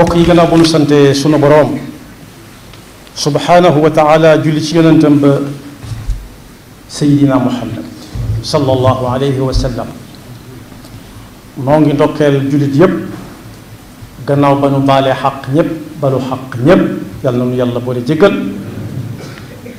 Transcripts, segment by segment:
mbokk yi gannaaw ba nu sante sunu boroom subhaanahu wa taala julli ci yonentam ba sayidina muhammad sallallahu alayhi wa sallam noo ngi ndokkeel jullit yépp gannaaw ba nu baalee xaq ñépp balu xaq ñépp yàlla na nu yàlla boole jéggal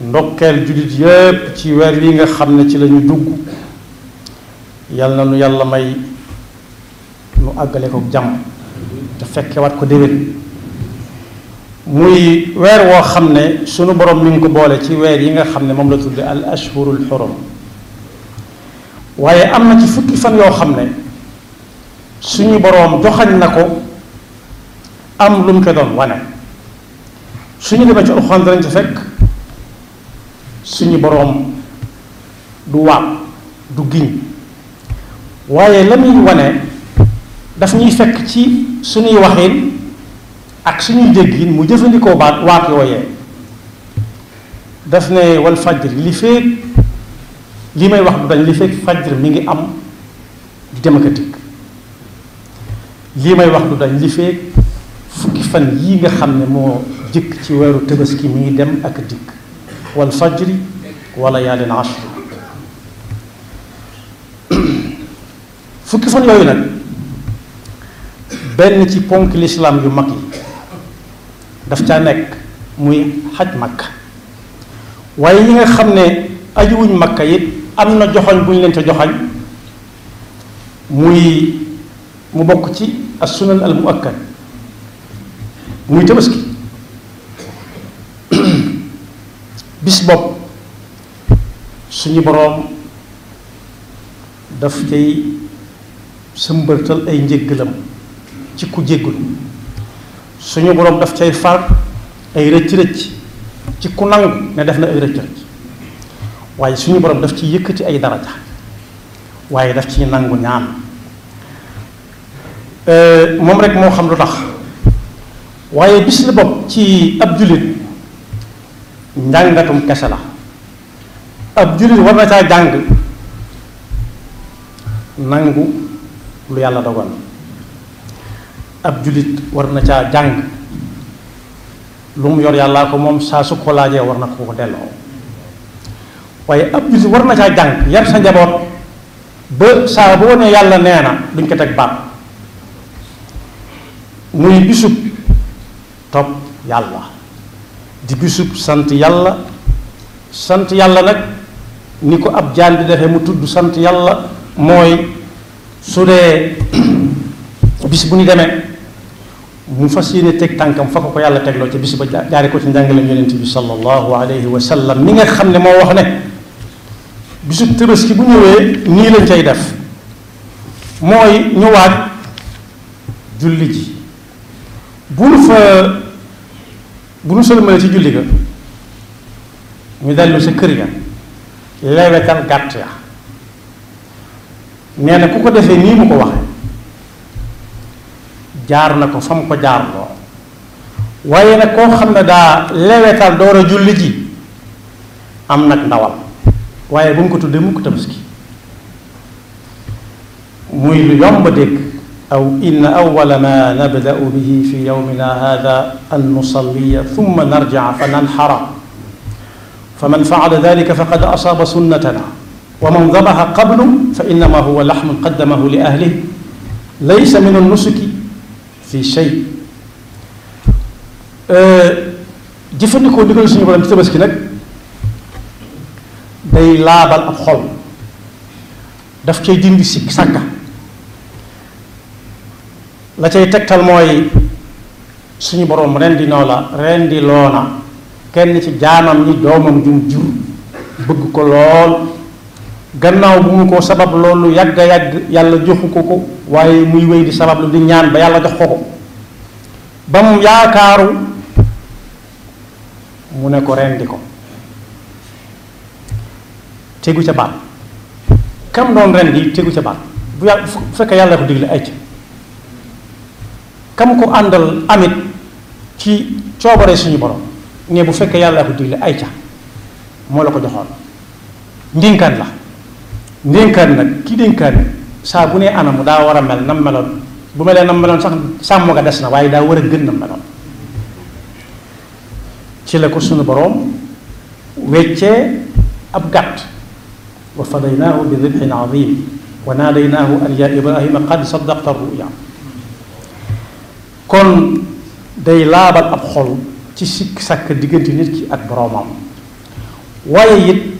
ndokkeel jullit yépp ci weer wi nga xam ne ci lañu dugg yàlla na nu may nu àggale ko jàmm te fekkewaat ko déwén muy weer woo xam ne sunu boroom mi ngi ko boole ci weer yi nga xam ne moom la tudde al ashhurul xurum waaye am na ci fukki fan yoo xam ne suñu boroom joxañ na ko am lu mu ko doon wane suñu demee ci alxuraan danañ ci fekk suñu boroom du waab du giñ waaye la muy wane daf ñuy fekk ci suñuy waxin ak suñuy déggin mu jëfandikoo baat waat yooyee daf ne wal fajr li feeg li may wax du dañ fekk feeg fajr mi ngi am di dem ak dikk lii may wax du dañ li feeg fukki fan yii nga xam ne moo jëkk ci weeru tabaski mi ngi dem ak a dikk wal fajri wala yaalin ashri fukki fan yooyu nag benn ci ponk lislaam yu mag yi daf caa nekk muy xaj makka waaye ñi nga xam ne ajuwuñ makka yi am na joxoñ bu ñu leen ca joxoñ muy mu bokk ci assunan al muakkad muy tabaski bis bopp suñu boroom daf cay sëmbërtal ay njëggalam ci ku jéggulu suñu boroom daf cay far ay rëcc-rëcc ci ku nangu ne def na ay rëcc-rëcc waaye suñu boroom daf ci yëkkati ay daraja waaye daf ci nangu ñaan euh, moom rek moo xam lu tax waaye bis li bopp ci ab jullit njàngatum kese la ab jullit war na caa jàng nangu lu yàlla dogal ab julit war na caa jàng lu mu yor yàllaa ko moom saa su ko war na ko delloo waaye ab julit war na caa jàng yar sa njaboot ba saa boo ne yàlla nee na duñ ko teg baat muy bisub topp yàlla di bisub sant yàlla sant yàlla nag ni ko ab jaan di defee mu tudd sant yàlla mooy su dee bis bu ñu demee mu fas yéene teg tànkam fa ko ko yàlla tegloo ca bis ba jaare ko ci njàngaleem yonent bi sallallahu alayhi wa sallam mi nga xam ne moo wax ne bisub tëbaski bu ñëwee nii lañ cay def mooy ñu waaj julli ji bu nu fa bu nu sëlmale ci julli ga ñu dellu sa kër ya lewetal gàtt ya nee na ku ko defee nii mu ko waxee jaar na ko fa mu ko jaar loo waaye nag koo xam ne daa lewetal door a julli ji am nag ndawal waaye bu mu ko tuddee mukk tabaski muy lu yomb dégg aw inna awwala ma nabda'u bihi fi yawmina hada an nusalliya thumma narji'a fa nanxara fa man faala dalika faqad asaaba sunnatana wa man dabaxa qablu fa innama huwa laxmun qaddamahu li ahlihi laysa min annusuki fi shay euh, jëfandikoo ndigal suñu borom ci tabaski nag day laabal ab xol daf cay dindi si sàkka la cay tegtal mooy suñu borom rendi noo la rendi loona kenn ci jaamam ñi doomam jur bëgg ko lool gannaaw bu mu ko sabab loolu yàgg yàgg yàlla joxu ko ko waaye muy wéy di sabab lu di ñaan ba yàlla jox ko ko ba mu yaakaaru mu ne ko rendi ko tegu ca baat kam doon rendi tegu ca baat bu yàlla bu fekkee yàlla ko digle ay ca kam ko àndal amit ci coobare suñu borom ne bu fekkee yàlla ko digle ay ca moo la ko joxoon ndinkaan la ndénkaan nag kii dénkaane saa bu ne anamu daa war a mel nam meloon bu melee nam meloon sax sàmm nga des na waaye daa war a gën nam meloon ci la ko sunu boroom weccee ab gàtt wa fadaynaahu bi dibhin azim wa naadaynaahu an yaa ibrahima qad saddaqta ruya kon day laabal ab xol ci sikk sàkk diggante nit ki ak boroomam waaye it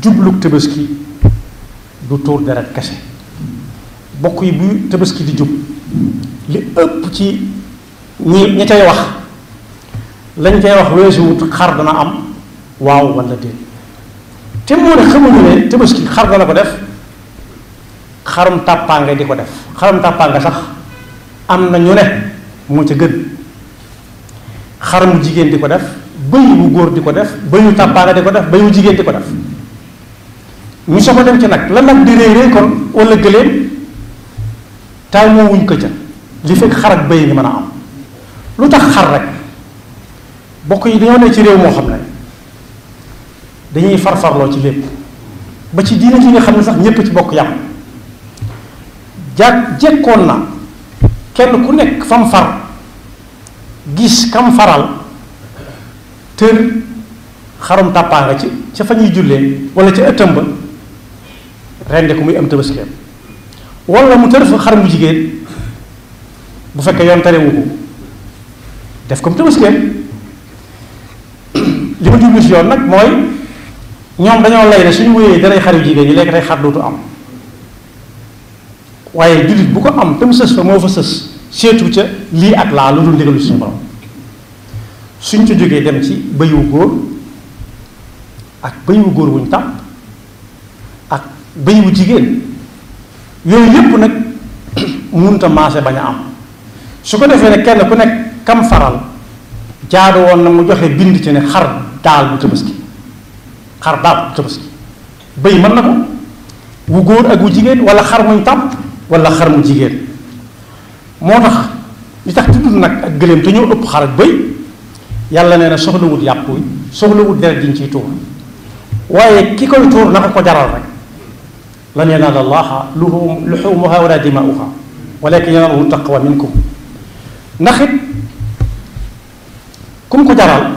jublug tabaski du tuur deret kese bokk yi bu tabaski di jub li ëpp ci ñi ñi cay wax lañ cay wax weesuwut xar dana am waaw wala déet te moo ne xamuñu ne tabaski xar dana ko def xarum tàppaange di ko def xarum tàppaange sax am na ñu ne moo ca gën xarum jigéen di ko def bëyu bu góor di ko def bëyu tàppaange di ko def bëyu jigéen di ko def ñu soog dem ci nag la nag di réy réy kon wala gëléem taal moo wuñ ko ca li fekk xar ak bëy ngi mën a am lu tax xar rek bokk yi dañoo ne ci réew moo xam ne dañuy farfarloo ci lépp ba ci diine ci nga xam ne sax ñépp ci bokk yàpp jàkk jekkoon na kenn ku nekk fam far gis kam faral tër xarum tàppaa nga ci ca fa ñuy jullee wala ca ëttam ba rende ko muy am tabaskeem wala mu tër xar mu jigéen bu fekkee yoon terewu ko def ko mu tabaskeem li ma jublu si yoon nag mooy ñoom dañoo lay ne suñu daray xar xaru jigéen ñi léegi tey xar dootu am waaye jullit bu ko am te mu sës fa moo fa sës seetu ca lii ak laa lu dul ndigalu suñu borom suñ ca jógee dem ci bëyu góor ak bëyu góor wuñ tàmm wu jigéen yooyu yépp nag munta maase bañ a am su ko defee ne kenn ku nekk kam faral jaadu woon nag mu joxe bind ci ne xar daal bu tabaski xar daal bu tabaski béy mën na ko wu góor ak wu jigéen wala xar muñ tàmm wala xar mu jigéen moo tax ñu tax tudd nag ak gëléem te ñoo ëpp xar ak béy yàlla nee na soxlawut yàpp wi soxlawut deret jiñ ciy tuur waaye ki koy tuur na ko ko jaral rek lan yanaala llaaha luxuumuhaa wa laa dimaa'uhaa walaakin yanaaluhu wu minkum ndax it ku mu ko jaral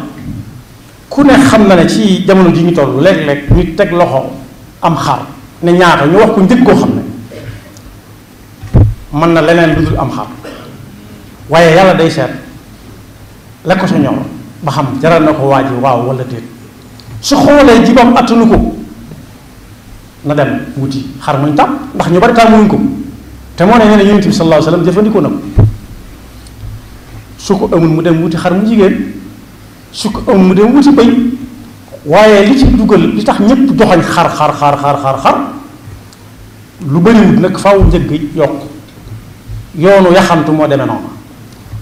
ku ne xam na ne ci jamono ji ñu toll léeg-léeg ñu teg loxo am xar ne ñaata ñu wax ko njëg koo xam ne mën na leneen lu dul am xar waaye yàlla day seet la ko sa ñor ba xam jaral na ko waa ji waaw wala déet su xoolee jibam attanu ko na dem wuti xar muñ tam ndax ñu bari tàmmuñ ko te moo ne nee na yonent bi sallallahu alayhi ko su ko amul mu dem wuti xar mu jigéen su ko amul mu dem wuti bëy waaye li ci dugal li tax ñëpp joxoñ xar xar xar xar xar xar lu bariwut nag faaw njëgg yokk yoonu yaxantu moo demee noonu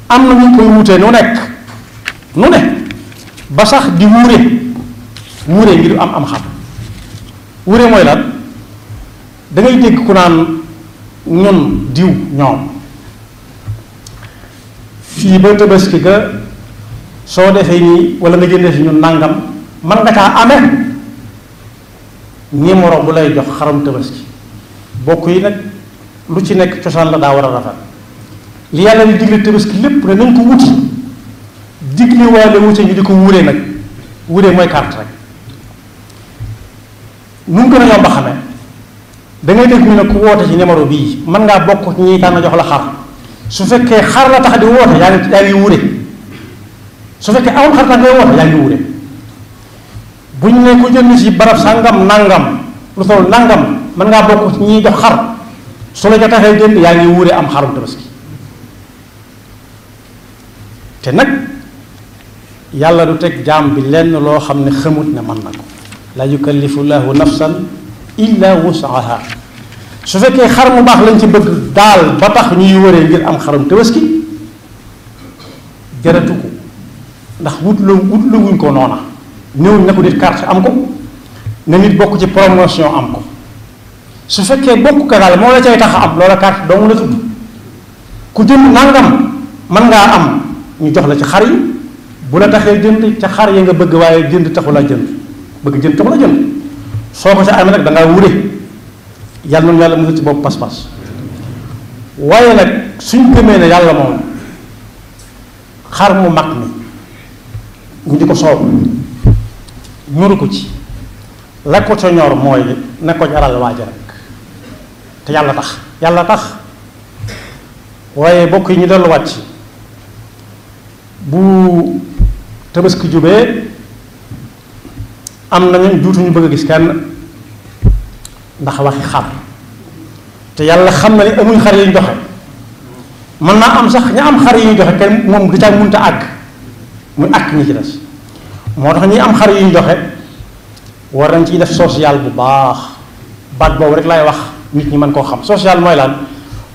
am na ñu koy wutee nu nekk nu ne ba sax di wuure wuure ngir am am xam wure mooy lan dangay ngay dégg ku naan ñun diw ñoom fii ba tabaski ga soo defee nii wala nga jëndee fi ñun nangam man nga caa amee numéro bu lay jox xaram tabaski bokk yi nag lu ci nekk cosaan la daa war a rafet li yàlla di digle tabaski lépp ne nañ ko wuti digle waale wuute ñu di ko wuree nag wuree mooy carte rek nu mu gën a yomb a xamee da ngay ne ku woote ci numéro bii mën ngaa bokk ci ñiy jox la xar su fekkee xar la tax di woote yaa ngi yaa wuure su fekkee amul xar tax ngay woote yaa ngi wuure bu ñu ne ku jënd si barab sangam nangam lu toll nangam mën ngaa bokk ci ñiy jox xar su la ca taxee jënd yaa ngi wuure am xarum tabaski te nag yàlla du teg jaam bi lenn loo xam ne xamut ne mën na ko. la yukallifu llahu nafsan illa wusaha su fekkee xar mu baax lañ ci bëgg daal ba tax ñuy wëree ngir am xarum tabaski jaratu ko ndax wut la wut la wuñ ko noona néewuñ na ko nit carte am ko na nit bokk ci promotion am ko su fekkee bokk ka daal moo la cay tax a am loola carte doomu la tudd ku jënd nangam mën ngaa am ñu jox la ci xar yi bu la taxee jënd ca xar yi nga bëgg waaye jënd taxu la jënd bëgg jël te mën jël soo ko sa amee nag da ngaa wure yàlla noonu yàlla mësul ci bopp pas-pas waaye nag suñ gëmee ne yàlla moom xar mu mag mi ñu di ko soow ñoru ko ci la ko ñor mooy ne ko jaral waaja rek te yàlla tax yàlla tax waaye bokk yi ñu delluwaat ci bu tabaski jubee am nañu duutuñu bëgg a gis kenn ndax waxi xar te yàlla xam na ne amuñ xar yi ñu joxe mën naa am sax ña am xar yi ñu joxe moom du caa mënta àgg muy àgg moo tax am xar yi ñu joxe war nañ ciy def social bu baax bat boobu rek laay wax nit ñi mën koo xam social mooy laal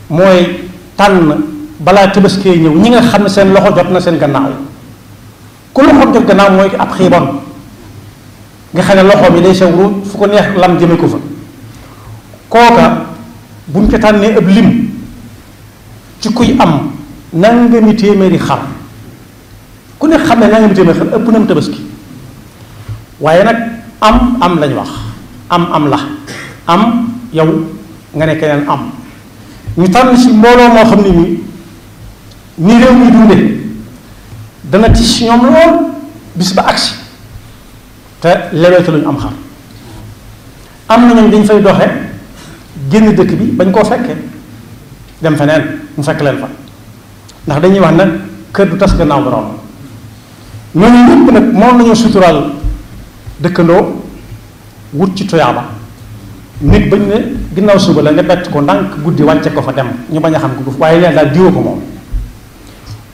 mooy tànn balaa tabaskee ñëw ñi nga xam ne seen loxo jot na seen gannaaw ku loxo jot gannaaw mooy ab xiibon nga xam ne loxo bi day sewru fu ko neex lam jëme ko fa kooka buñ ko tànnee ab lim ci kuy am nangami téeméeri xar ku ne xam ne nangami téeméeri xar ëpp na mu tabaski waaye nag am am lañ wax am am la am yow nga ne keneen am ñu tànn ci mbooloo moo xam ne nii ni réew mi dunde dana tiis ñoom lool bis ba agsi te leweetu luñu am xar am na ñooñ dañ fay doxe génn dëkk bi bañ koo fekkee dem feneen mu fekk leen fa ndax dañuy wax nag kër du tas gannaaw borom ñooñu ñëpp nag moom lañu suturaal dëkkandoo wut ci tuyaaba nit bañ ne ginnaaw suba la nga bett ko ndànk guddi wàcce ko fa dem ñu bañ a xam ko waaye leen daal diwa ko moom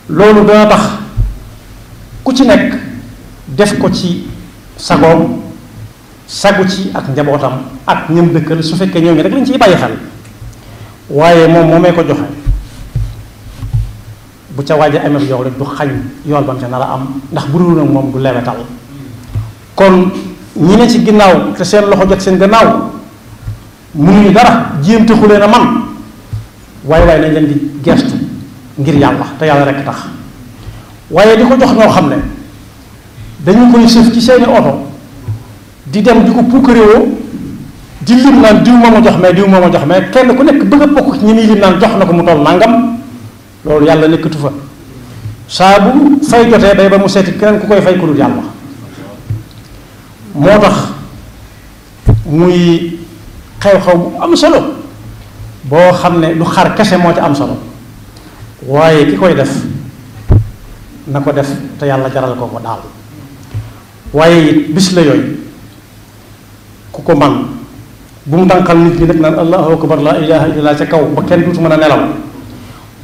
loolu dana tax ku ci nekk def ko ci sagoom sagu ci ak njabootam ak ñam dëkkal su fekkee ñooñu rek lañ ciy bàyyi xel waaye moom may ko joxe bu ca waaja amee yow rek du xañ yool bam ca nar a am ndax bu dul nag moom du lewetal kon ñi ne ci ginnaaw te seen loxo jot seen gannaaw mënuñu dara jéem te xulee na man waaye waaye nañ leen di gestu ngir yàlla te yàlla rek tax waaye di ko jox ñoo xam ne dañu koy sëf ci seeni oto di dem di ko pukkaréewoo di lim naan diw moo ma jox mais diw moo ma jox mais kenn ku nekk bëgg a bokk ci ñi nii lim naan jox na ko mu toll nangam loolu yàlla nekkatu fa saa bu fay jotee day ba mu seeti keneen ku koy fay ku dul yàlla moo tax muy xew-xew bu am solo boo xam ne lu xar kese moo ci am solo waaye ki koy def na ko def te yàlla jaral ko ko daal waaye it bis la yooyu ku ko man bu mu tànqal nit ñi nag naan allahu akbar laa ilaha illallah ca kaw ba kenn dootu mën a nelaw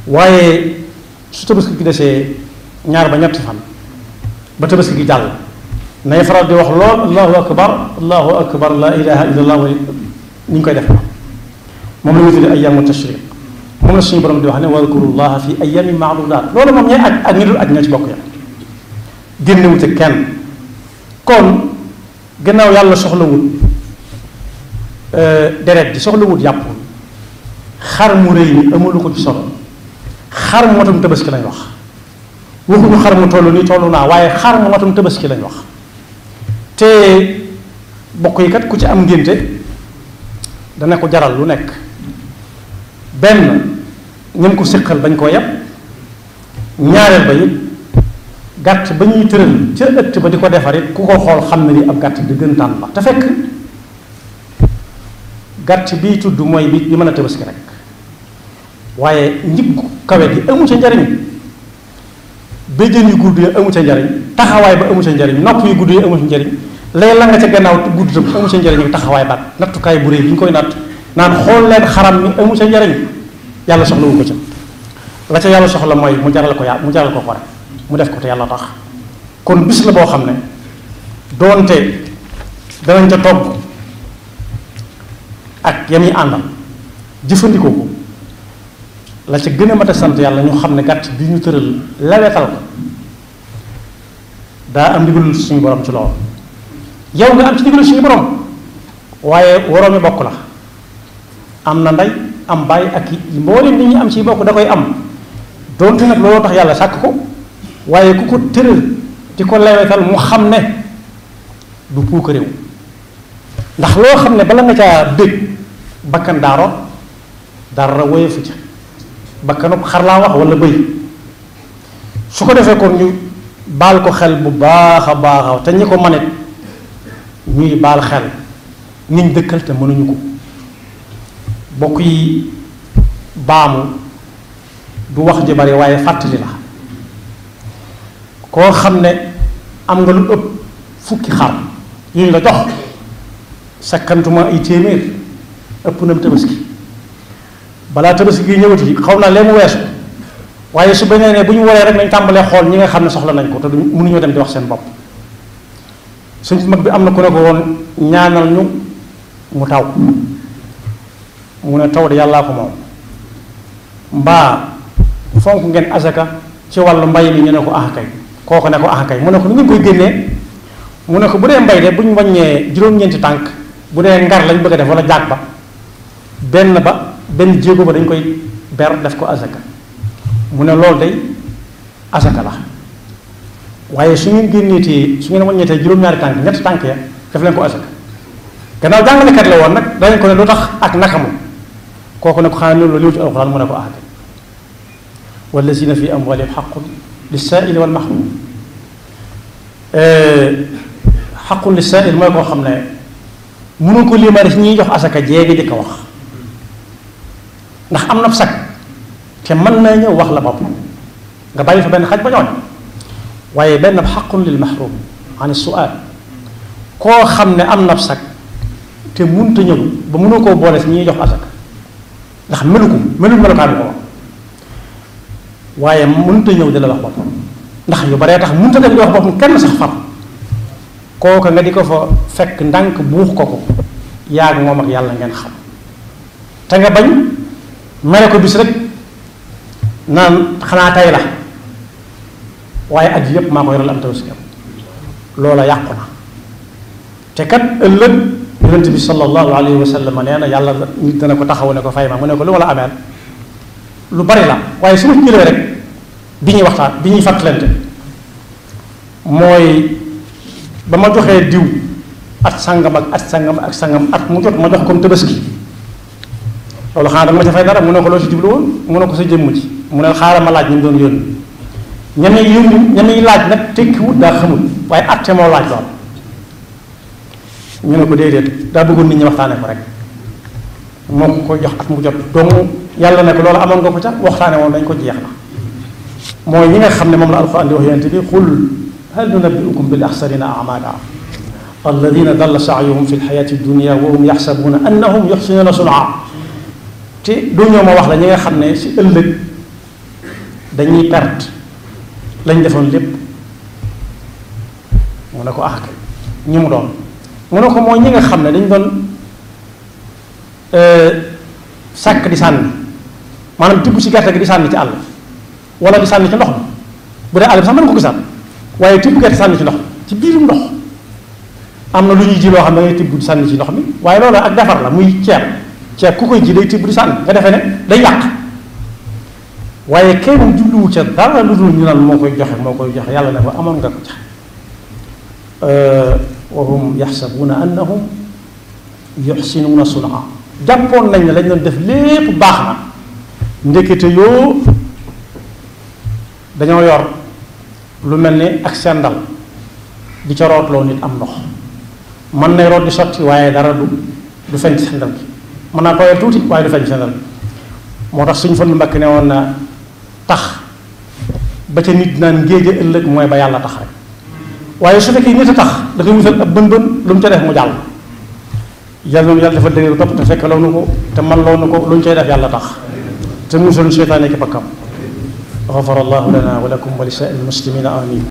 waaye su tabaski gi desee ñaar ba ñetti fan ba tabaski gi jàll nay faral di wax lool allahu akbar allahu akbar laa ilaha illallah wa ni ñu koy def moom la ñu tuddee ayyamu tashriq moom la suñu borom di wax ne wadkurullaha fi ayyamin maadudaat loolu moom ñooy ak ak ñi dul ak ñoo ci bokk ya génnewute kenn kon gannaaw yàlla soxlawul euh, deret ji soxlawul yàpp xar mu rëy mi amalu ko ci solo xar mu matum tabaski lañ wax waxuñu xar mu toll ni toll naa waaye xar mu matum tabaski lañ wax te bokk yi kat ku ci am ngénte dana ko jaral lu nekk benn ñam ko séqal bañ koo yàpp ñaareel ba it gàtt ba ñuy tëral ca ëtt ba di ko defarit ku ko xool xam na ni ab gàtt dëggantaan la te fekk gàtt biy tudd mooy bi bi mën a tabaski rek waaye njib kawe gi amu ca njariñ béjjën yu gudd yi amu ca njariñ taxawaay ba amu ca njariñ nopp yu gudd yi amu ca njariñ lay la nga ca gannaaw gudd tam amu ca njariñ taxawaay baat nattukaay bu réy bi ñu koy natt naan xool leen xaram mi amu ca njariñ yàlla soxlawu ko ca la ca yàlla soxla mooy mu jaral ko yaa mu jaral ko ko mu def ko te yàlla tax kon bis la boo xam ne doonte danañ ca togg ak yami àndal jëfandikoo ko la ca gën a mat a sant yàlla ñu xam ne gàtt bi ñu tëral lawetal ko daa am ndigalul suñu borom ci lool yow nga am ci ndigalul suñu borom waaye waroomi bokk la am na ndey am bàyyi ak yi mboolem nit ñi am ci bokk da koy am doonte nag looloo tax yàlla sàkk ko waaye ku ko tëral di ko lewetal mu xam ne du puuk ndax loo xam ne bala nga caa dégg bakkan daaro dara woyofu ca bakkanub xar laa wax wala bëy su ko defee kon ñu baal ko xel bu baax a baax te ñi ko manit ñuy baal xel niñ dëkkal te mënuñu ko bokk yi baamu du wax ji bari waaye fàttali la koo xam ne am nga lu ëpp fukki xar yu ñu la jox sakkantuma ay téeméer ëpp na mu tabaski balaa tabaski gi ñëwati xaw naa lee mu weesu waaye su benee ne bu ñu waree rek nañ tàmbalee xool ñi nga xam ne soxla nañ ko te du mënuñoo dem di wax seen bopp suñ mag bi am na ku ne ko woon ñaanal ñu mu taw mu ne taw de yàllaa ko moom mbaa fonk ngeen asaka ci wàllu mbay mi ñu ne ko ah kay kooku ne ko ah kay mu ne ko nu ngeen koy génnee mu ne ko bu dee mbay de bu ñu wàññee juróom-ñeenti tànk bu dee ngar lañ bëgg a def wala jaag ba benn ba benn jéego ba dañ koy ber def ko asaka mu ne loolu de asaka la waaye su ngeen génneetee su ngeen wàññeetee juróom-ñaari tànk ñetti tànk ya def leen ko asaka gannaaw jàngalekat la woon nag danañ ko ne lu tax ak naka moom kooku ne ko xam ne loolu liw ci alxuraan mu ne ko ah kay wallazina fi li lissaa'ili wal mahruum xaqul lissaa'il mooy koo xam ne mënu ko limal ci ñuy jox asaka jéegi di ko wax ndax am na sag te mën naa ñëw wax la bopp nga bàyyi fa benn xaj ba ñooñ waaye benn xaqun lil mahrum an sual koo xam ne am na sag te mënut a ñëw ba mënoo koo boole si ñuy jox asaka ndax melu ko melu melukaan bi ko wax waaye mënut a ñëw di la wax boppam ndax yu baree tax mënut a dem di wax boppam kenn sax fab kooka nga di ko fa fekk ndànk buux ko ko yaag moom ak yàlla ngeen xam te nga bañ mere ko bis rek naan xanaa tey la waaye at yépp maa ko yoral am tabaskiyam loola yàqu na te kat ëllëg yonent bi sallallahu alayhi wa sallam yàlla nit dana ko taxaw ne ko fay ma mu ne ko lu ma la ameel lu bari la waaye su ma jëlee rek bi ñuy waxtaan bi ñuy fàttalante mooy ba ma joxee diw at sangam ak at sangam ak sangam at mu jot ma jox comme tabaski loolu xanaa danga ma ca fay dara mu ne ko loo ci jublu woon mu ne ko sa jëmm ci mu ne xaaral ma laaj ñu doon yónni ñenn yi yónni ñenn laaj nag tekkiwut daa xamul waaye atte moo laaj lool ñu ne ko déedéet daa bëggoon nit ñi waxtaanee ko rek moo ko koy jox at mu jot dong. yàlla na ko loolu amoon nga ko ca waxtaane woon dañ ko jeex na mooy ñi nga xam ne moom la alquran di wax yonent bi qul hal nunabbi'ukum bil axsarina amala alladina dalla saayuhum fi lxayaati dunia wa hum yaxsabuuna annahum yuxsinuuna sunaa te wax la ñi nga xam ne si ëllëg dañuy defoon lépp mu ne ko ah ñi mu doon mu ne ko mooy ñi nga xam ne dañ doon euh, sàkk di sànni maanaam tibb ci gerte gi di sànni ci àll wala di sànni ci ndox mi bu dee àll bi sax mën ko gisaat waaye tibb gerte sànni ci ndox mi ci biirum ndox am na lu ñuy ji loo xam ne ngay tibb sànni ci ndox mi waaye loolu ak defar la muy ceeb ceeb ku koy ji day tibb di sànni nga defee ne day yàq waaye kenn jubluwu ca dara lu dul ñu naan moo koy joxe moo koy joxe yàlla ne ko amoon nga ko joxe wa hum yaxsabuuna annahum yuxsinuuna sunaa jàppoon nañ lañ doon def lépp baax na njëkkite yoo dañoo yor lu mel ni ak sendal di ca rootloo nit am ndox mën nay root di sotti waaye dara du du feeñ sendal bi mën naa ko yor tuuti waaye du feeñ sendal moo tax suñu fan lu mbakk ne woon na tax ba ca nit naan ngéeje ëllëg mooy ba yàlla tax rek waaye su fekkee nit a tax da koy wutal bën bën lu mu ca def mu jàll yàlla noonu yàlla dafa dëgër topp te fekk loo nu ko te man loo ko lu ñu cay def yàlla tax te musal seytaane ki bakkam xafara allahu lana wa lakum wa li saa'il muslimina amin